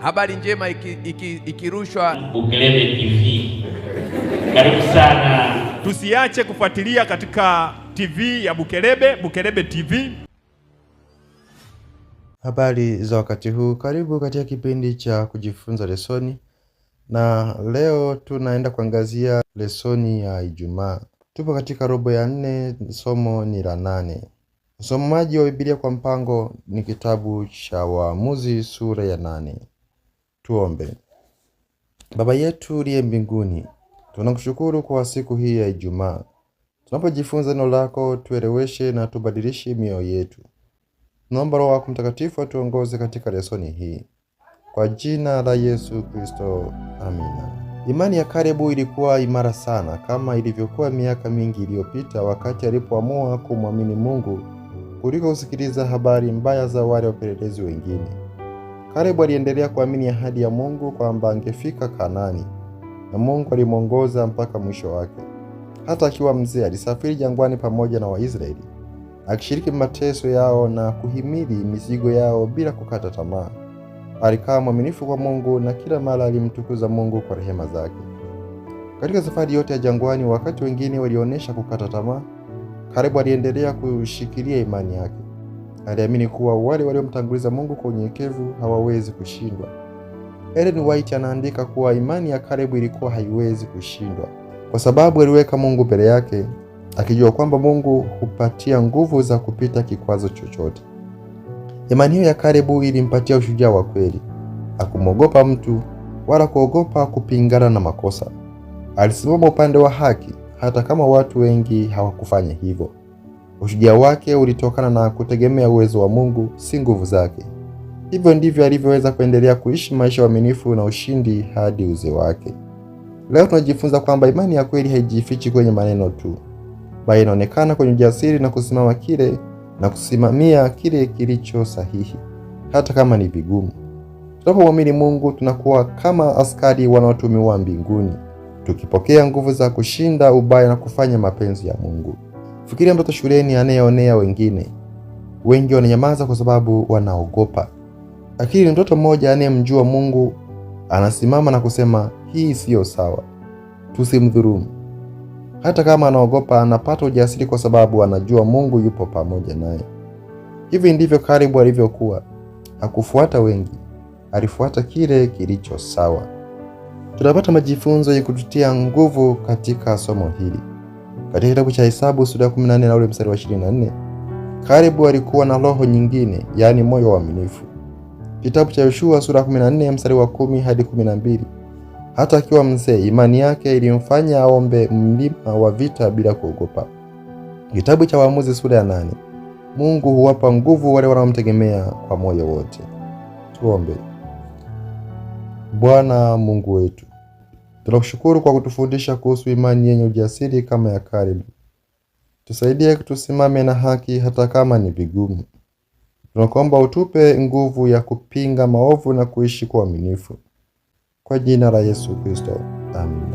Habari njema ikirushwa iki, iki Bukelebe TV. Karibu sana, tusiache kufuatilia katika TV ya Bukelebe, Bukelebe TV. Habari za wakati huu, karibu katika kipindi cha kujifunza lesoni, na leo tunaenda kuangazia lesoni ya Ijumaa. Tupo katika robo ya nne, somo ni la nane. Usomaji wa Biblia kwa mpango ni kitabu cha Waamuzi sura ya nane. Tuombe. Baba yetu uliye mbinguni, tunakushukuru kwa siku hii ya Ijumaa. Tunapojifunza neno lako, tueleweshe na tubadilishe mioyo yetu. Naomba Roho wako Mtakatifu atuongoze katika lesoni hii, kwa jina la Yesu Kristo, amina. Imani ya Kalebu ilikuwa imara sana, kama ilivyokuwa miaka mingi iliyopita, wakati alipoamua kumwamini Mungu kuliko kusikiliza habari mbaya za wale wapelelezi wengine. Kalebu aliendelea kuamini ahadi ya Mungu kwamba angefika kanani na Mungu alimwongoza mpaka mwisho wake. Hata akiwa mzee, alisafiri jangwani pamoja na Waisraeli, akishiriki mateso yao na kuhimili mizigo yao bila kukata tamaa. Alikaa mwaminifu kwa Mungu na kila mara alimtukuza Mungu kwa rehema zake. Katika safari yote ya jangwani, wakati wengine walionyesha kukata tamaa, Kalebu aliendelea kushikilia imani yake aliamini kuwa wale waliomtanguliza Mungu kwa unyenyekevu hawawezi kushindwa. Ellen White anaandika kuwa imani ya Kalebu ilikuwa haiwezi kushindwa kwa sababu aliweka Mungu mbele yake, akijua kwamba Mungu hupatia nguvu za kupita kikwazo chochote. Imani hiyo ya Kalebu ilimpatia ushujaa wa kweli, akumwogopa mtu wala kuogopa kupingana na makosa. Alisimama upande wa haki hata kama watu wengi hawakufanya hivyo. Ushujaa wake ulitokana na kutegemea uwezo wa Mungu, si nguvu zake. Hivyo ndivyo alivyoweza kuendelea kuishi maisha ya na ushindi hadi uzee wake. Leo tunajifunza kwamba imani ya kweli haijifichi kwenye maneno tu, bali inaonekana kwenye ujasiri na kusimama kile na kusimamia kile kilicho sahihi, hata kama ni vigumu. Tunapomwamini Mungu tunakuwa kama askari wanaotumiwa mbinguni, tukipokea nguvu za kushinda ubaya na kufanya mapenzi ya Mungu. Fikiria mtoto shuleni anayeonea wengine. Wengi wananyamaza kwa sababu wanaogopa, lakini mtoto mmoja anayemjua Mungu anasimama na kusema, hii siyo sawa, tusimdhulumu. Hata kama anaogopa, anapata ujasiri kwa sababu anajua Mungu yupo pamoja naye. Hivi ndivyo Kalebu alivyokuwa. Hakufuata wengi, alifuata kile kilicho sawa. Tunapata majifunzo ya kututia nguvu katika somo hili. Katika kitabu cha Hesabu sura ya 14 na ule mstari wa 24, Kalebu alikuwa na roho nyingine, yaani moyo wa uaminifu. Kitabu cha Yoshua sura ya 14 mstari wa 10 hadi 12, hata akiwa mzee imani yake ilimfanya aombe mlima wa vita bila kuogopa. Kitabu cha Waamuzi sura ya 8, Mungu huwapa nguvu wale wanaomtegemea kwa moyo wote. Tuombe. Bwana Mungu wetu Tunakushukuru kwa kutufundisha kuhusu imani yenye ujasiri kama ya Caleb. Tusaidie tusimame na haki hata kama ni vigumu. Tunakuomba utupe nguvu ya kupinga maovu na kuishi kwa uaminifu. Kwa jina la Yesu Kristo. Amen.